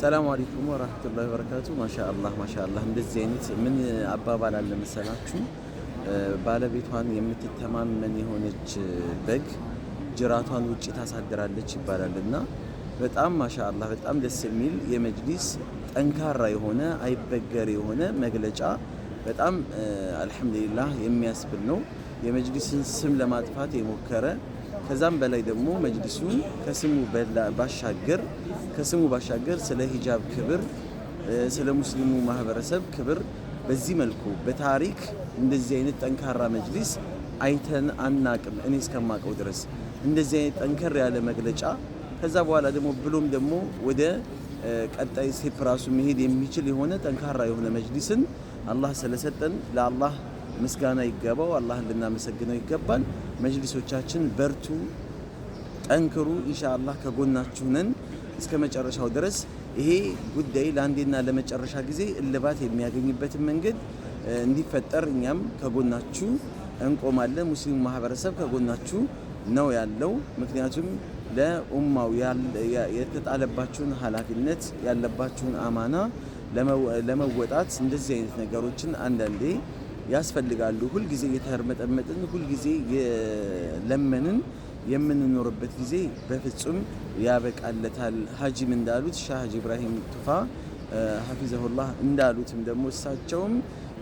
ሰላም አለይኩም ወራህመቱላሂ ወበረካቱ። ማሻአላህ ማሻአላህ። እንደዚህ አይነት ምን አባባል አለ መሰላችሁ? ባለቤቷን የምትተማመን የሆነች በግ ጅራቷን ውጭ ታሳድራለች ይባላል እና በጣም ማሻአላህ በጣም ደስ የሚል የመጅሊስ ጠንካራ የሆነ አይበገር የሆነ መግለጫ በጣም አልሐምዱሊላህ የሚያስብል ነው። የመጅሊስን ስም ለማጥፋት የሞከረ ከዛም በላይ ደግሞ መጅሊሱን ከስሙ ባሻገር ከስሙ ባሻገር ስለ ሂጃብ ክብር፣ ስለ ሙስሊሙ ማህበረሰብ ክብር በዚህ መልኩ በታሪክ እንደዚህ አይነት ጠንካራ መጅሊስ አይተን አናቅም። እኔ እስከማቀው ድረስ እንደዚህ አይነት ጠንከር ያለ መግለጫ ከዛ በኋላ ደግሞ ብሎም ደግሞ ወደ ቀጣይ ስቴፕ ራሱ መሄድ የሚችል የሆነ ጠንካራ የሆነ መጅሊስን አላህ ስለሰጠን ለአላህ ምስጋና ይገባው። አላህን ልናመሰግነው ይገባል። መጅሊሶቻችን በርቱ፣ ጠንክሩ። ኢንሻአላህ ከጎናችሁ ነን እስከ መጨረሻው ድረስ። ይሄ ጉዳይ ለአንዴና ለመጨረሻ ጊዜ እልባት የሚያገኝበትን መንገድ እንዲፈጠር እኛም ከጎናችሁ እንቆማለን። ሙስሊሙ ማህበረሰብ ከጎናችሁ ነው ያለው ምክንያቱም ለኡማው የተጣለባችሁን ኃላፊነት ያለባችሁን አማና ለመወጣት እንደዚህ አይነት ነገሮችን አንዳንዴ ያስፈልጋሉ። ሁልጊዜ እየተርመጠመጥን ሁልጊዜ የለመንን የምንኖርበት ጊዜ በፍጹም ያበቃለታል። ሀጂም እንዳሉት ሻህ ኢብራሂም ቱፋ ሀፊዘሁላህ እንዳሉትም ደግሞ እሳቸውም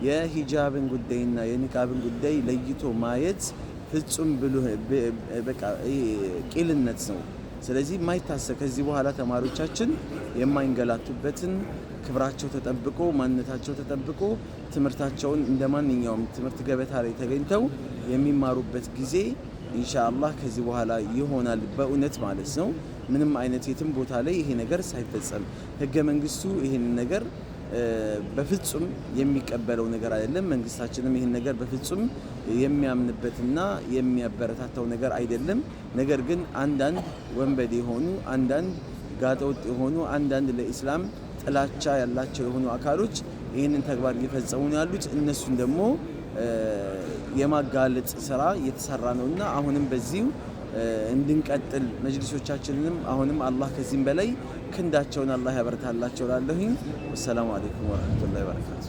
የሂጃብን ጉዳይና የኒቃብን ጉዳይ ለይቶ ማየት ፍጹም ብልህ በቃ ቂልነት ነው። ስለዚህ የማይታሰብ ከዚህ በኋላ ተማሪዎቻችን የማይንገላቱበትን ክብራቸው ተጠብቆ ማንነታቸው ተጠብቆ ትምህርታቸውን እንደ ማንኛውም ትምህርት ገበታ ላይ ተገኝተው የሚማሩበት ጊዜ ኢንሻአላህ ከዚህ በኋላ ይሆናል። በእውነት ማለት ነው። ምንም አይነት የትም ቦታ ላይ ይሄ ነገር ሳይፈጸም ህገ መንግስቱ ይሄንን ነገር በፍጹም የሚቀበለው ነገር አይደለም። መንግስታችንም ይህን ነገር በፍጹም የሚያምንበትና የሚያበረታታው ነገር አይደለም። ነገር ግን አንዳንድ ወንበዴ የሆኑ አንዳንድ ጋጠወጥ የሆኑ አንዳንድ ለኢስላም ጥላቻ ያላቸው የሆኑ አካሎች ይህንን ተግባር እየፈጸሙ ነው ያሉት። እነሱን ደግሞ የማጋለጥ ስራ እየተሰራ ነውና አሁንም በዚሁ እንድንቀጥል መጅሊሶቻችንንም አሁንም አላህ ከዚህም በላይ ክንዳቸውን አላህ ያበረታላቸው ላለሁኝ። ወሰላሙ አሌይኩም ወረህመቱላሂ ወበረካቱ።